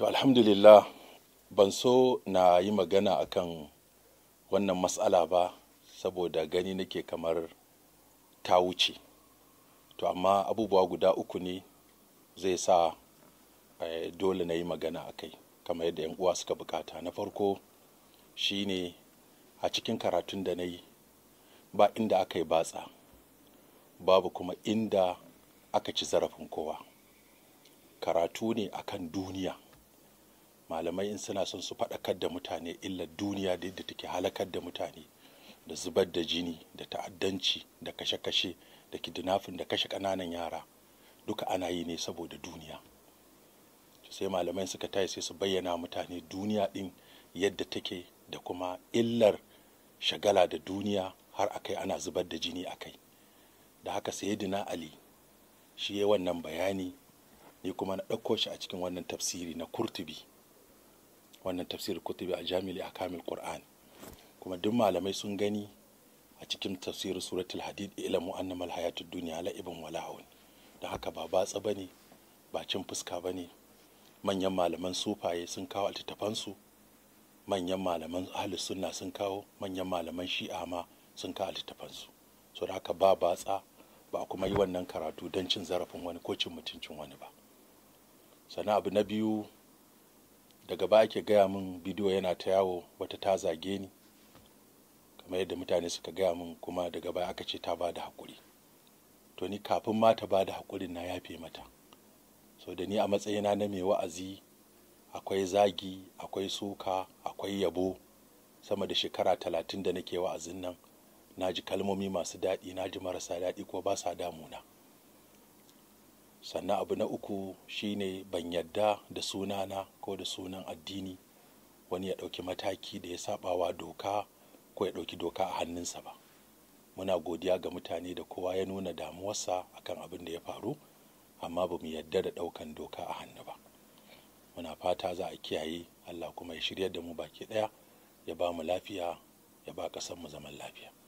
to alhamdulillah ban so na yi magana akan wannan matsala ba saboda gani nake kamar ta wuce to amma abubuwa guda uku ne zai sa eh, dole na yi magana a kai kamar yadda 'yan uwa suka bukata na farko shine a cikin karatun da na yi ba inda aka yi batsa babu kuma inda aka ci zarafin kowa karatu ne akan duniya malamai in suna son su faɗakar da mutane illar duniya da yadda take halakar da mutane da zubar da jini da ta'addanci da kashe-kashe da kidnafin da kashe ƙananan yara duka ana yi ne saboda duniya sai malamai suka tayi sai su bayyana mutane duniya ɗin yadda take da kuma illar shagala da duniya har akai ana zubar da jini akai da haka sayyidina ali shi ya wannan bayani ni kuma na ɗauko shi a cikin wannan tafsiri na kurtubi wannan tafsir kutubi a jami'il akamil qur'an kuma duk malamai sun gani a cikin tafsirin suratul hadid ilmu annamal hayatud duniya la'ibun wala hawan da haka ba batsa bane ba cin fuska bane manyan malaman sufaye sun kawo su manyan malaman ahli sunna sun kawo manyan malaman shi'a ma sun kawo altattafansu so da haka ba batsa ba kuma yi wannan karatu don cin zarafin wani ko cin mutuncin wani ba sannan abu na biyu daga ba ake gaya min bidiyo yana ta yawo wata ta zage ni kamar yadda mutane suka gaya min kuma daga baya aka ce ta ba da haƙuri to ni kafin ma ta ba da haƙurin na yafe mata so da ni a matsayina na mai wa'azi akwai zagi akwai suka akwai yabo sama da shekara talatin da nake wa'azin nan na ji kalmomi masu daɗi na ji marasa daɗi ko ba sa damuna sannan abu na uku shine ban yadda da sunana ko da sunan addini wani ya ɗauki mataki da ya sabawa doka ko ya ɗauki doka a hannunsa ba muna godiya ga mutane da kowa ya nuna damuwarsa akan abin da ya faru amma ba mu yadda da ɗaukan doka a hannu ba muna fata za a kiyaye allah kuma ya shirya da mu baki ɗaya ya ba mu lafiya ya ba mu zaman lafiya